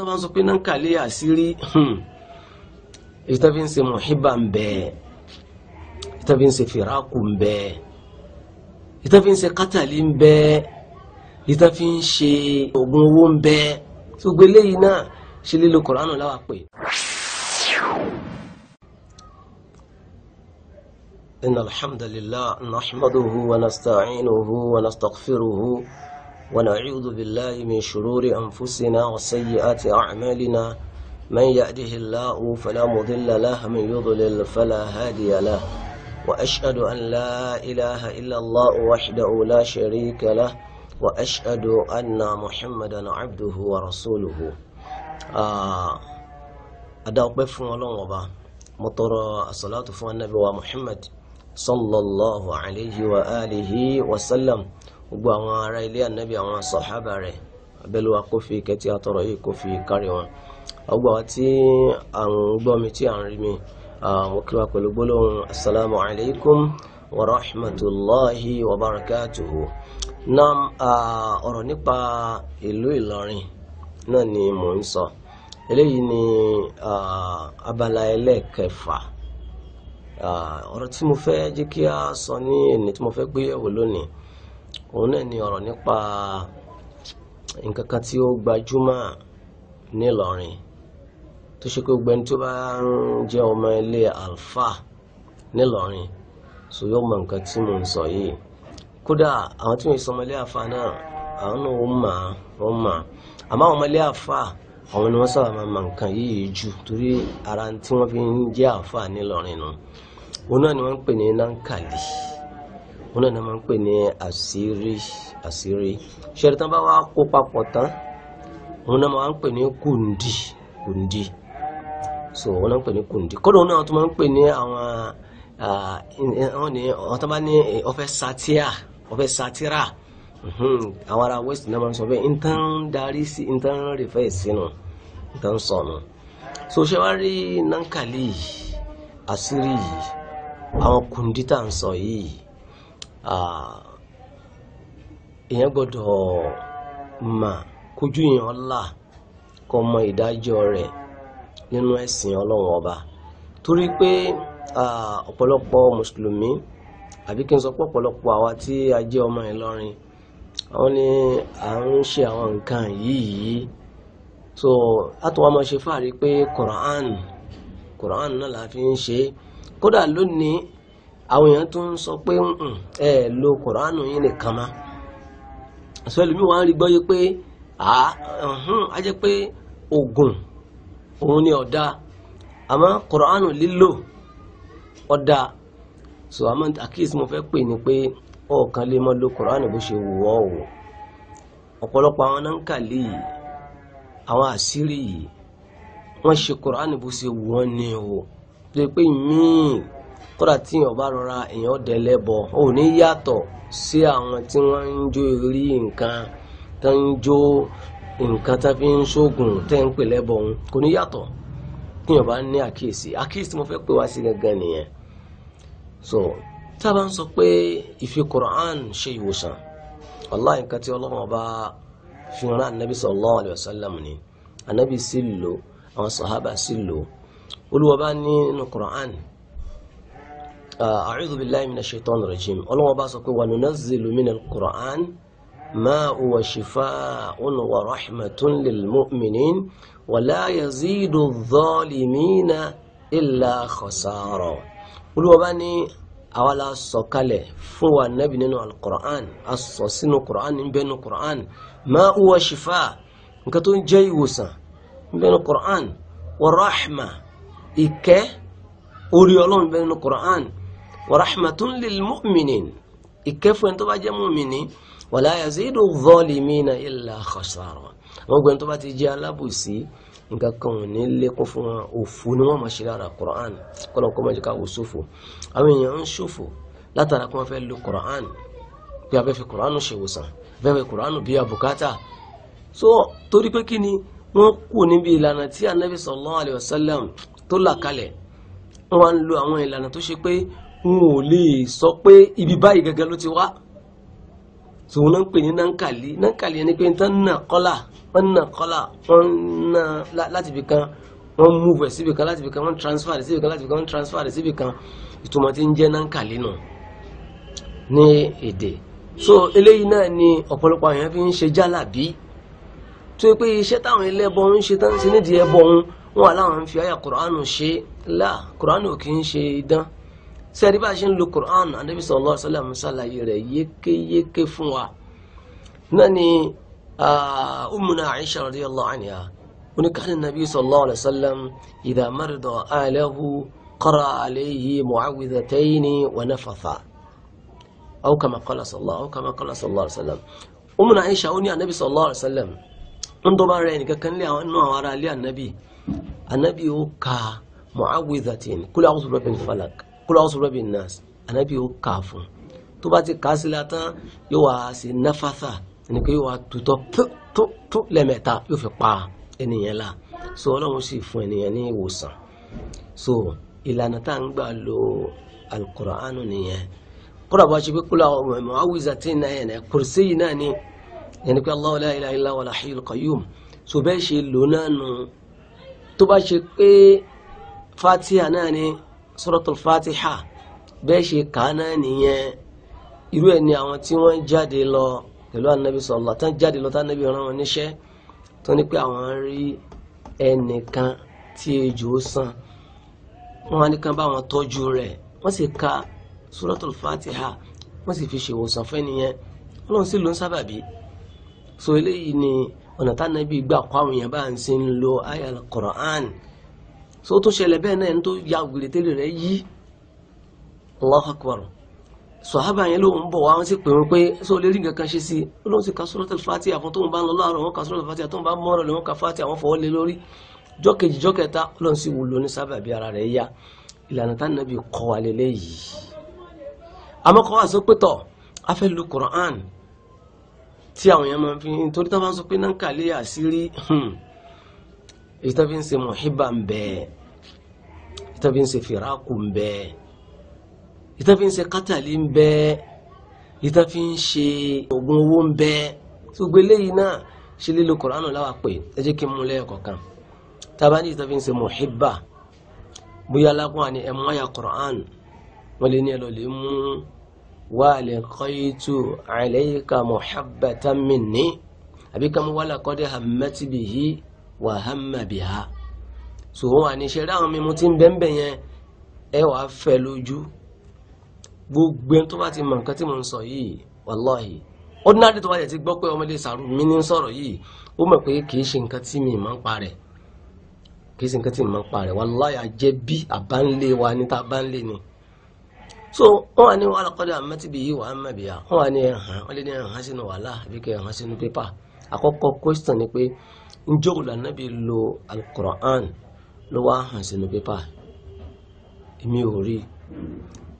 wọ́n máa sọ pé náà kàlẹ́ àṣírí ìtàbí hmm. ń ṣe mọ̀híbà ń bẹ ìtàbí ń ṣe fìràkù ń bẹ ìtàbí ń ṣe kátàlí ń bẹ ìtàbí ń ṣe oògùn owó ń bẹ gbogbo eléyìí náà ṣe lílo Kùránù láwàá pé. إن الحمد لله نحمده ونستعينه ونستغفره ونعوذ بالله من شرور أنفسنا وسيئات أعمالنا من يأده الله فلا مضل له من يضلل فلا هادي له وأشهد أن لا إله إلا الله وحده لا شريك له وأشهد أن محمدا عبده ورسوله آه أدعوك بفهم الله مطر الصلاة فوق النبي ومحمد صلى الله عليه وآله وسلم gbogbo àwọn ará ilé ànábì àwọn sàhábà rẹ̀ abẹ́lúwa kó fi ìkẹ́ tí a tọrọ yìí kó fi kárí wọn ọgbà wa tí àwọn gbọ́ mi tí à ń rí mi kí wa pẹ̀lú gbólóhùn asalaamu alaykum wa rahmatulahi wa barakatuhu nam ọ̀rọ̀ nípa ìlú Ìlọrin náà ni mò ń sọ eléyìí ni abala ẹlẹ́ẹ̀kẹfà ọ̀rọ̀ tí mo fẹ́ jẹ́ kí a sọ ní ẹni tí mo fẹ́ gbéyẹ̀wò òun náà ni ọ̀rọ̀ nípa nǹkan kan tí ó gbajúmọ̀ nílọrin tó ṣe pé gbogbo ẹni tó bá ń jẹ́ ọmọ ilé alfa nílọrin so yóò mọ nǹkan tí mò ń sọ yìí kódà àwọn tí wọ́n sọ ọmọ ilé alfa náà àwọn náà wọ́n mà wọ́n mà àmọ́ àwọn ọmọ ilé alfa àwọn ni wọ́n sábà máa mọ nǹkan yìí jù torí ara tí wọ́n fi ń jẹ́ alfa nílọrin nù òun náà ni wọ́n ń pè ní nankali wọn náà máa ń pè ní àṣírí àṣírí ṣẹ́ni tán bá wá kó papọ̀ tán wọn náà máa ń pè ní kùndì kùndì so wọn náà ń pè ní kùndì kódà wọn náà tún máa ń pè ní àwọn wọn ní wọn tán bá ní ọfẹ satia ọfẹ satira àwọn ará west náà máa ń sọ bẹ́ẹ̀ ntàn darí sí ntàn rìfẹ́ sínú ntàn sọnù so ṣé wàá rí nankali yìí àṣírí yìí àwọn kùndí tá à ń sọ yìí èèyàn gbọ́dọ̀ mà kójú èèyàn là kọ́ mọ ìdájọ́ rẹ̀ nínú ẹ̀sìn ọlọ́run ọba torí pé ọ̀pọ̀lọpọ̀ mùsùlùmí àbí kí n sọ pé ọ̀pọ̀lọpọ̀ àwa tí a jẹ́ ọmọ Ìlọrin àwọn ni à ń ṣe àwọn nǹkan yìí yìí so látọwọ́ máa ṣe fáàrí pé Quran Quran náà la fi ń ṣe kódà lónìí àwọn èèyàn tó ń sọ pé mm, mm, ẹ lo kòránù yín nìkan mọ́ sọ ẹlòmíì yi á rí gbọ́yé pé a jẹ́ pé oògùn òun ni ọ̀dà àmọ́ kòránù lílò ọ̀dà so àmọ́ àkíyèsí mo fẹ́ pè ní pé ọ̀ọ̀kan lè mọ́ lo kòránù bó ṣe wù ọ́ o ọ̀pọ̀lọpọ̀ àwọn náà yìí àwọn àṣírí yìí wọ́n ṣe kòránù bó ṣe ni o pé pé kódà tí èèyàn bá rọra èèyàn dẹ lẹ́bọ ò ní yàtọ̀ sí àwọn tí wọ́n ń jó rí nǹkan tó ń jó nǹkan tó fi ń ṣoògùn tẹ́ ń pè lẹ́bọ òun kò ní yàtọ̀ kí èèyàn bá ní àkíyèsí àkíyèsí mo fẹ́ pè wá sí gangan nìyẹn so tá a bá ń sọ pé ìfi Qur'an ṣe ìwòsàn wàláhì nǹkan tí ọlọ́run ọba fi rán anabi sallallahu alayhi wa sallam ni anabi sì lò àwọn sàhábà sì lò olúwa bá ní inú Qur'an. أعوذ بالله من الشيطان الرجيم الله باسك وننزل من القرآن ما هو شفاء ورحمة للمؤمنين ولا يزيد الظالمين إلا خسارة قلوا باني أولا سوكالي فوى النبي نينو القرآن الصوصين القرآن بين القرآن ما هو شفاء نكتون جيوسا بين القرآن ورحمة إكه orí ọlọ́run bẹ́ẹ̀ nínú wa للمؤمنين، lil mu'minin ìkẹ́fún ẹni tó bá jẹ́ mùmìnì wala yazidu zalimina illa khasara àwọn gbẹ̀yìn tó bá ti jẹ́ alábòsí nǹkan kan ò ní lékún fún wọn òfò ni wọ́n máa ṣe lára Qur'an kọ́lọ̀ kọ́ máa jẹ́ ká wò ṣòfò àwọn èèyàn ń ṣòfò látara kí wọ́n fẹ́ lo Qur'an pé a fẹ́ fi Qur'an ṣe ìwòsàn a Qur'an bí abùkátà so torí pé kí ni wọ́n kù níbi ìlànà tí anabi sallallahu alayhi wa sallam tó là kalẹ̀ wọ́n lo àwọn ìlànà tó ṣe pé n ò lè sọ pé ibi báyìí gẹ́gẹ́ ló ti wá tòun náà ń pè ní nankali nankali ẹni pé n tán nà kọ́là wọ́n nà kọ́là wọ́n nà láti ibì kan wọ́n múvù ẹ̀ kan láti ibì kan wọ́n transfer rẹ̀ síbì kan láti ibì kan wọ́n transfer rẹ̀ síbì kan ìtumọ̀ tí ń jẹ́ nankali nù ní èdè so eléyìí náà ni ọ̀pọ̀lọpọ̀ àwọn èèyàn fi ń ṣe jálàbí tó yẹ pé iṣẹ́ táwọn ẹlẹ́bọ ń ṣe tán sí nídìí ẹbọ ń wọn àláwọn ń fi àyà kùránù ṣe láà kùránù kì í ṣe idán ṣe ẹni bá ṣe ń lo Qur'an anabi sallallahu alaihi wasallam ṣàlàyé rẹ̀ yékéyéké fún wa náà ni ummuna Aisha radiyallahu anha oníkàlẹ̀ nàbí sallallahu alaihi wasallam idha marida alahu qara alayhi mu'awwidhatayni wa nafatha aw kama qala sallallahu aw kama qala sallallahu alaihi wasallam ummuna Aisha ó ní anabi sallallahu alaihi wasallam ń dọ́bà rẹ̀ nìkankan lé àwọn inú àwọn ará ilé anabi anabi ó ka mu'awwidhatin kul a'udhu bi rabbil falaq kúlọ̀ ọ̀sùn rẹ̀ bí nas ànábì ó kà fún tó bá ti kà á sílẹ̀ tán yóò wá sí náfàtà ẹni pé yóò wá tutọ́ tó lẹ́mẹ̀ta yóò fi pa ẹnìyẹn la so ọlọ́run sì fún ẹnìyẹn ní ìwòsàn so ìlànà tá à ń gbà lo alukóránù nìyẹn kódà bá ṣe pé kúlọ̀ ọ̀mọ̀ awùzàtì náà yẹn kùrìsì yìí náà ni ẹni pé Allahu la ilaha illa wal hayyul qayyum so bẹ́ẹ̀ ṣe lò náà nù tó bá ṣe pé fatiha náà ni suratul fatiha bẹ́ẹ̀ ṣe kàá náà nìyẹn irú ẹ̀ ni àwọn tí wọ́n jáde lọ pẹ̀lú anabi sọ̀lá tán jáde lọ tánabi rán wọn níṣẹ́ tó ní pé àwọn rí ẹnìkan tí ejò sàn wọn á ní kán bá wọn tọ́jú rẹ̀ wọ́n sì ka suratul fatiha wọ́n sì fi ṣèwòsàn fún ẹnìyẹn ọlọ́run sì ló ń sábàbí so eléyìí ni ọ̀nà tánabi gbà kọ́ àwọn èèyàn bá ń sin lo ayal so tó ṣẹlẹ̀ bẹ́ẹ̀ náà ẹni tó ya wèrè tẹ́lẹ̀ rẹ̀ yí Allahu Akbar sọ̀hábà yẹn ló ń bọ̀ wá wọ́n sì pè wọ́n pé sọ lè rí nǹkan kan ṣe sí i ló ń sì ka Suratul Fatiha àfọ́n tó ń bá ń lọ láàárọ̀ wọn ka Suratul Fatiha àtọ́ ń bá mọ́rọ̀ lè wọ́n ka Fatiha àwọn fọwọ́ lé lórí jọ́kejì jọ́kẹta ló ń sì wò lóní sábà bí ara rẹ̀ yá ìlànà tá nàbí kọ́ wa lélẹ̀ yìí. àmọ́ wa sọ pé tọ̀ a lu Qur'an tí àwọn yẹn máa fi torí táwọn sọ pé náà ń kàlẹ́ àṣírí hmm, èyí tó fi ń ṣe mọ̀híbà ń bẹ́ẹ̀ ita fi ń ṣe fìràkù ń bẹ ìtàn fi ń ṣe kátàlí ń bẹ ìtàn fi ń ṣe oògùn owó ń bẹ gbogbo eléyìí náà ṣe lílo Kùránù láwà pé ẹ jẹ́ kí n mú lẹ́yìn kọ̀ọ̀kan tábà ní ìtàn fi ń ṣe mọ̀híbà bóyá alákùn àni ẹ̀ mọ́yà Kùránù wọ́n lè ní ẹ lọ lè mú wàlẹ̀kọ́yìtù àìlẹ́yìká mọ̀hábàtà minni àbíkà mú wàlẹ̀kọ́dẹ̀ hàmẹ́tìbìyí so wọn wà ní ṣe àwọn mímu tí ń bẹ́ńbẹ́ yẹn ẹ wàá fẹ́ lójú gbogbo tó bá ti mọ nǹkan tí ń sọ yìí wàláhì ordinary tó bá ti gbọ́ pé ọmọdé mi ní sọ̀rọ̀ yìí ó a ni so wọn wà ní wàhálà kọ́dọ̀ àmọ́tìbí yìí wàá mọ̀ bíyà wọn wà ní ẹ̀hán wọn ní ẹ̀hán sínú wàhálà àbí kẹ́ ẹ̀hán sínú pépà àkọ́kọ́ question ló wá hàn sínú pépà èmi ò rí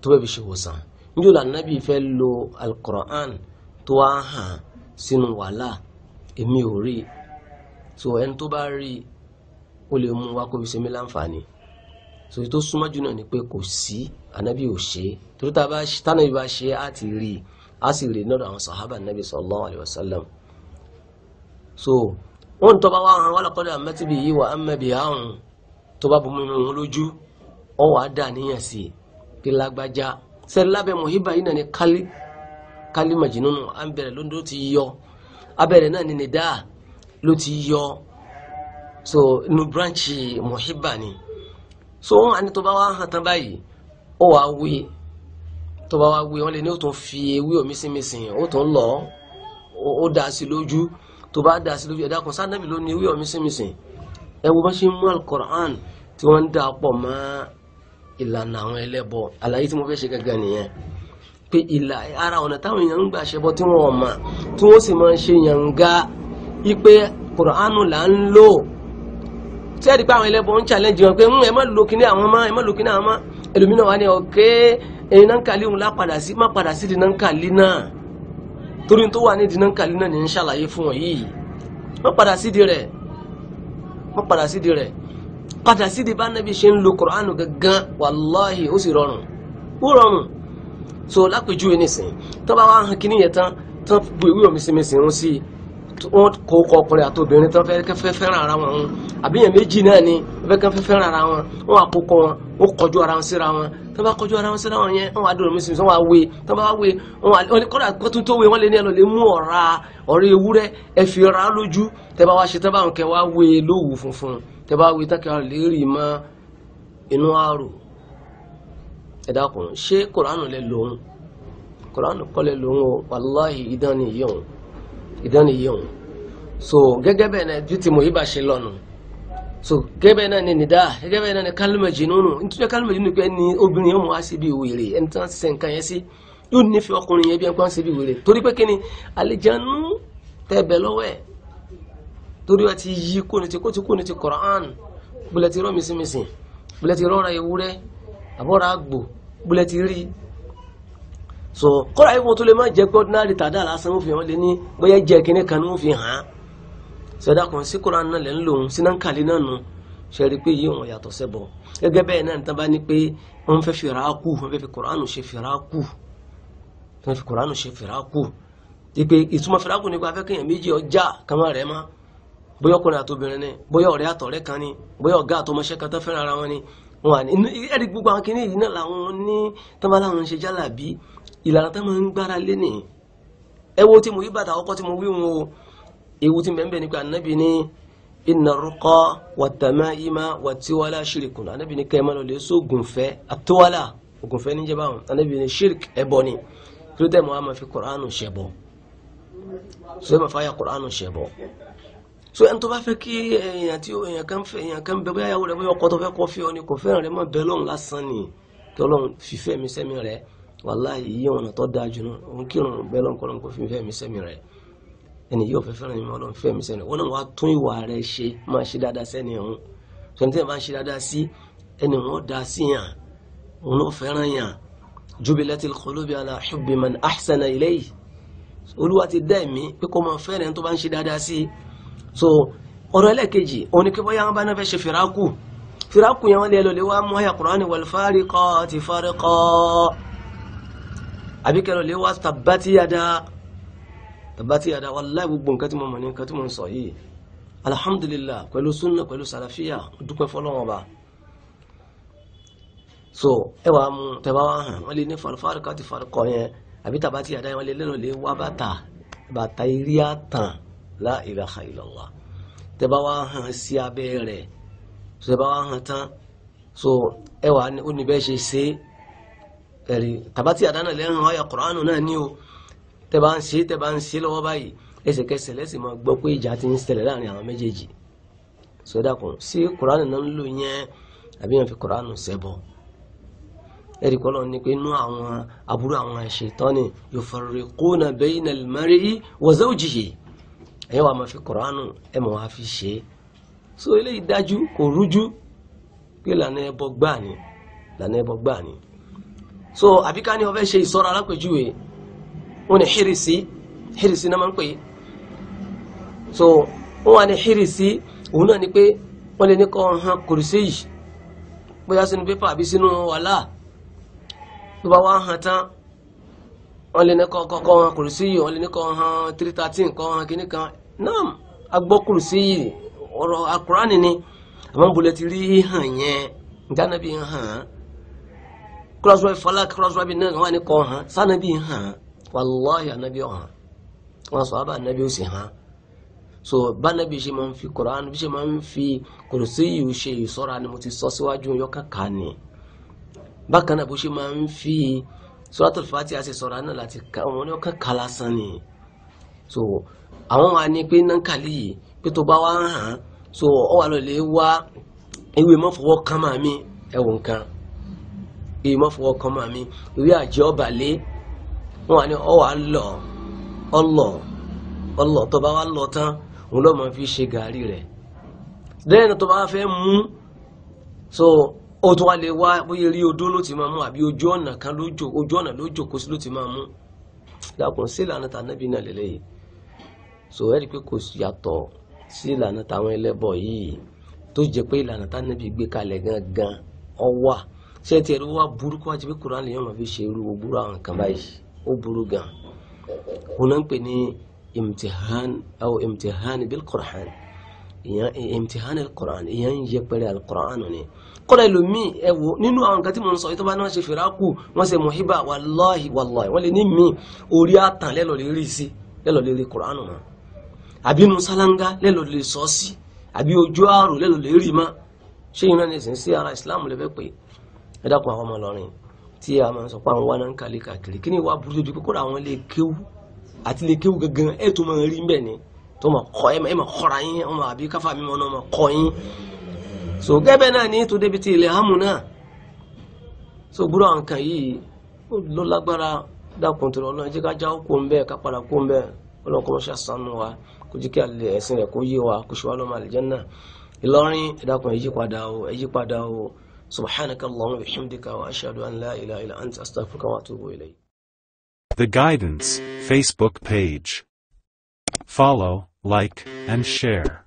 tó bẹ́ẹ̀ fi ṣe wòsàn níjó lànàbí fẹ́ lo alukoran tó wá hàn sínú wàhálà èmi ò rí so ẹni tó bá rí ó lè mú wá kó fi ṣe mí láǹfààní so èyí tó súnmọ́ jù náà ni pé kò sí ànábì ò ṣe torí tánàbí bá ṣe á ti rí a sì rí lọ́dọ̀ àwọn sàhábà ànábì sallallahu alaihi wasallam so wọ́n tọ́ bá wá hàn wọ́n lọ́kọ́ dà mẹ́tìbì yìí wà á mẹ́bì áhùn tó bá bomi mu lójú ọ wàá dà níyàn sí i pé lágbájá sẹ́ni lábẹ́ mọ̀híbà yìí náà ni kálí kálí màjínúnù à ń bẹ̀rẹ̀ lóńdó ti yọ abẹ́rẹ́ náà ni nìdá ló ti yọ so inú bíránṣì mọ̀híbà ni so wọn àni tó bá wá hàn tán báyìí ó wàá wí tó bá wá wí wọn lè ní ó tún fi ewé òmísìmísìn ó tún lọ ó dà sí lójú tó bá dà sí lójú ẹ̀dá kan sáà nàbì ló ní ewé òmísìmísìn ẹ wo bá ṣe mú alukoran tí wọ́n ń dà pọ̀ mọ́ ìlànà àwọn ẹlẹ́bọ àlàyé tí mo fẹ́ ṣe gangan nìyẹn pé ìlà ara ọ̀nà táwọn èèyàn ń gbà ṣẹbọ tí wọ́n mọ̀ tí wọ́n sì máa ń ṣe yànga ipe kùránù là ń lò tí ẹ̀rí pé àwọn ẹlẹ́bọ ń challenge wọn pé ẹ má lo kíní àwọn ọmọ ẹ má lo kíní àwọn ọmọ ẹlòmínà wà ní ọ̀kẹ́ ẹ̀yin náà ń kàlí òun lápadà sí má padà sí dìnnà ń kàlí náà torí tó wà ní dìnnà ń kàlí náà ní ń ṣàlàyé fún wọn yìí má padà sídìí rẹ̀ má padà sídìí rẹ̀ kàtà sí di bá nàbí ṣe ń lo kur'anu gangan wàláhì ó sì rọrùn ó rọrùn so lápèjúwe nìsín tó bá wá hàn kíní yẹn tán tán bu ìwé òmísìmísì rún sí wọn kó kọ ọkùnrin àti obìnrin tán fẹ́ kẹfẹ fẹ́ràn ara wọn hun àbíyàn méjì náà ni fẹ́ kẹfẹ fẹ́ràn ara wọn wọn àkókò wọn wọn kọjú ara wọn síra wọn tó bá kọjú ara wọn síra wọn yẹn wọn adúrò mísìmísì wọn àwe tó bá wé wọn kódà kótó tó wé wọn lé ní ẹ lọ lè mú ọ̀ra ọ̀rẹ́ ewúrẹ́ ẹ fi ra lójú tẹ bá wá ṣe tẹ bá wọn kẹ wá wé lówù funfun tẹ́bá wí tákìrá lérí mọ́ inú àrò ẹ̀dàkùn ṣé kòránù lẹ lòun kòránù kọ́ lẹ lòun o wàláhì ìdánìyẹun ìdánìyẹun so gẹ́gẹ́ bẹ́ẹ̀ náà ju ti mọ̀ yíba ṣe lọ́nu so gẹ́gẹ́ bẹ́ẹ̀ náà ni nìdá gẹ́gẹ́ bẹ́ẹ̀ náà ni kálímẹ̀jì nínú nítorí kálímẹ̀jì nínú pé ni obìnrin yẹn mọ̀ á sí bí wèrè ẹni tí wọ́n ti ṣe nǹkan yẹn sí yóò nífẹ̀ẹ́ ọkùnrin yẹn bí wọ́n ti ṣe bí wèrè torí pé kí ni àlejànú tẹ́ bẹ̀ lọ́wọ́ ẹ̀ torí wa ti yí kó ni ti kó ti kó ni ti Qur'an bùlẹ̀ ti rọ́ mísìmísì bùlẹ̀ ti rọ́ra ewúrẹ́ àbọ̀ra àgbò bùlẹ̀ rí so kọ́ra ìwọ tó lè má jẹ́ pé ordinary tàdá lásán ó fi hàn lé ní bóyá jẹ́ kíní kan ó fi hàn án sọdá sí Qur'an náà lẹ́ ń lòun sí náà ń kàlí náà nù sẹ́rí pé yìí wọ́n yàtọ̀ sẹ́bọ̀ gẹ́gẹ́ bẹ́ẹ̀ náà níta bá ní pé wọ́n fẹ́ fi ràákù wọ́n fẹ́ fi Qur'anu ṣe fi ràákù wọ́n fi Qur'anu ṣe fi ràákù ìpè ìtumọ̀ fi ràákù nípa afẹ́kẹ́yàn méjì ọjà kàmá rẹ̀ máa bóyá ọkùnrin àtobìnrin ni bóyá ọ̀rẹ́ àtọ̀rẹ́ kan ni bóyá ọ̀gá àtọmọṣẹ́ kan tó fẹ́ràn ara wọn ni wọn àní ẹ̀rí gbogbo àwọn kìnìún yìí náà làwọn ní tọ́ba láwọn ń ṣe jálà bí ìlànà tó máa ń gbára lé nìyí ẹ wo tí mo yí bàtà ọkọ tí mo wí wọn o ewu tí mẹ́ńbẹ́ nípa ànábì ní iná rúkọ wàtàmá ìmá wàtíwálá ṣìrìkùn ànábì ní kẹ́mọ́ lọ́lẹ́ sóògùnfẹ́ àtúwálá ògùnfẹ́ so ẹni tó bá fẹ́ kí èèyàn tí èèyàn kan fẹ́ èèyàn kan bẹ bóyá yàwó rẹ bóyá ọkọ tó fẹ́ kọ́ fẹ́ ọ ni kò fẹ́ràn rẹ mọ́ bẹ́ẹ̀ lọ́run lásán ni kí ọlọ́run fìfẹ́ mi sẹ́mi rẹ wàláhì yí ọ̀nà tó dáa jù náà òun kírun bẹ́ẹ̀ lọ́run kọ́ lọ́run kò fìfẹ́ mi sẹ́mi rẹ ẹni yóò fẹ́ fẹ́ràn mi ọlọ́run fẹ́ mi sẹ́mi rẹ wọn náà wá tún ìwà rẹ ṣe máa ṣe dáadáa sẹ́ni ọ̀hún sọ ní bá ṣe dáadáa sí ẹni wọn da so ọ̀rọ̀ ẹlẹ́kejì òun ni kí bóyá wọn bá náà fẹ́ ṣe fìrákù fìrákù yẹn wọn lè lọ lè wá mú àyà Kùránì wal fariqati farqa àbí kẹlọ lè wá tàbátì yàdá tàbátì yàdá wallahi gbogbo nǹkan tí mo mọ̀ ní nǹkan tí mo ń sọ yìí alhamdulillah pẹ̀lú sunna pẹ̀lú sàlàfíà dúpẹ́ fọlọ́wọ́n so ẹ wàá mú tẹ́wá wá hàn wọ́n lè ní farikọ́ àti farikọ́ yẹn àbí tàbátì yẹn wọ́n lè lérò wá bàtà bàtà eré àtàn la ilaha illallah tẹ́bá wá hàn sí abẹ́ rẹ̀ so tẹ́bá wá hàn tán so ẹ wà ó ní bẹ́ẹ̀ ṣe ṣe ẹ̀rí tàbátì àdánà lẹ́hìn ọ̀yà kùránù náà ní o tẹ́bá ń ṣe tẹ́bá ń ṣe lọ́wọ́ báyìí ẹsẹ̀kẹsẹ̀ lẹ́sìn máa gbọ́ pé ìjà ti ń ṣẹlẹ̀ láàrin àwọn méjèèjì so dákun sí kùránù náà ń lò yẹn àbí yẹn fi kùránù ṣẹbọ ẹ̀rí kọ́lọ́ ni pé inú àwọn aburú àwọn ṣàítánì yufarriquna bayna al-mar'i wa zawjihi ẹ̀yin wàá máa fi kọ̀ránù ẹ̀ mọ̀ wá fi ṣe é so eléyìí dájú kò rújú pé lànà ẹbọ gbáà ni lànà ẹbọ gbáà ni so àbíká ni wọ́n fẹ́ ṣe ìsọ́ra alápèjúwe wọ́n ní hírìsì hírìsì náà máa ń pè é so wọ́n wà ní hírìsì òun náà ni pé wọ́n lè ní kọ́ hàn kùrìsì yìí bóyá sínú pépà àbí sínú wàhálà tó bá wá hàn tán wọ́n lè ní kọ́kọ́ hàn kùrùsí yìí wọ́n lè ní kọ́ hàn three thirteen kọ́ hàn kìíní kan náà agbọ́ kùrùsí yìí akurani ni àmọ́ bùlẹ̀ ti rí hàn yẹn jánàbí hàn kúrọ́sọ́ ìfọlá kúrọ́sọ́ bí náà wọ́n ní kọ́ hàn sánàbí hàn wàlláhi sọ àbá ànábì ó so bánàbí ṣe máa ń fi bí ṣe máa ń fi kùrùsí yìí ṣe suratul fatiha ṣe sọ̀rọ̀ náà láti ka àwọn ní ọkàn kala san ni so àwọn wa ni pé nankali yìí pé tó bá wá ń hàn so ọ wà lọlẹ wá ewé mọ́fọwọ́ kan máa mi ẹ̀wọ̀ nǹkan ewé mọ́fọwọ́ kan máa mi ewé àjẹ́ ọ̀bàlẹ́ wọn wà ní ọ lọ ọlọ ọlọ tó bá wà lọ tán òun lọ́ọ́ máa fi ṣe gàárì rẹ̀ lẹ́yìn tó bá fẹ́ mú so ó tún wá lè wá bóyá rí odó ló ti máa mú àbí ojú ọ̀nà kan lójò ojú ọ̀nà lójò kó sí ló ti máa mú dákun sí ìlànà tànàbí náà lélẹ́yìí so ẹ̀rí pé kò yàtọ̀ sí ìlànà táwọn ẹlẹ́bọ yìí tó jẹ́ pé ìlànà tànàbí gbé kalẹ̀ gangan ó wà ṣé tiẹ̀ ló wá burúkú àti pé Kùránì yóò máa fi ṣe irú òbúrú àwọn kan báyìí ó burú gan òun náà ń pè ní imtihan aw ìyẹn imtihan al-Qur'an ìyẹn ń yẹpẹrẹ al-Qur'an ni kọ́ra ẹlòmíì ẹ wo nínú àwọn nǹkan tí mo ń sọ ìtọ́ba náà ṣe fìràkù wọ́n ṣe mọ̀híbà wàláhì wàláhì wọ́n lè ní mi orí àtàn lẹ́lọ́ lè rí sí lẹ́lọ́ lè rí Qur'an mọ́ àbí inú sálángá lẹ́lọ́ lè sọ sí àbí ojú àrò lẹ́lọ́ lè rí mọ́ ṣé iná ní ìsìn sí ara ìsìláàmù lẹ́fẹ́ pé ẹ dákun àwọn ọmọ lọ́rin tí a máa sọ pé àwọn wà náà ń kàlẹ́ kàkiri kí ni ìwà burúkú tó mọ̀ kọ́ ẹ mọ̀ kọ́ra yín ọmọ àbí káfà mi mọ̀ náà mọ̀ kọ́ yín so gẹ́bẹ̀ náà ní tó débi ti ilẹ̀ hàmù náà so gbúrò nǹkan yìí ló lágbára dákun tó lọ́nà jẹ́ ká já kó ń ká padà kó ń bẹ́ẹ̀ ọlọ́kọ́ mọ́ ṣàṣánú wa kó jẹ́ kí alẹ́ ẹ̀sìn rẹ̀ kó yé wa kó ṣe wá lọ́mọ àlìjánnà Ìlọrin ẹ̀dákun ẹ̀yí padà o ẹ̀yí padà o subhanakallahumma wa bihamdika wa ashhadu an la ilaha illa anta astaghfiruka wa atubu ilayk The Guidance Facebook page. Follow. like, and share.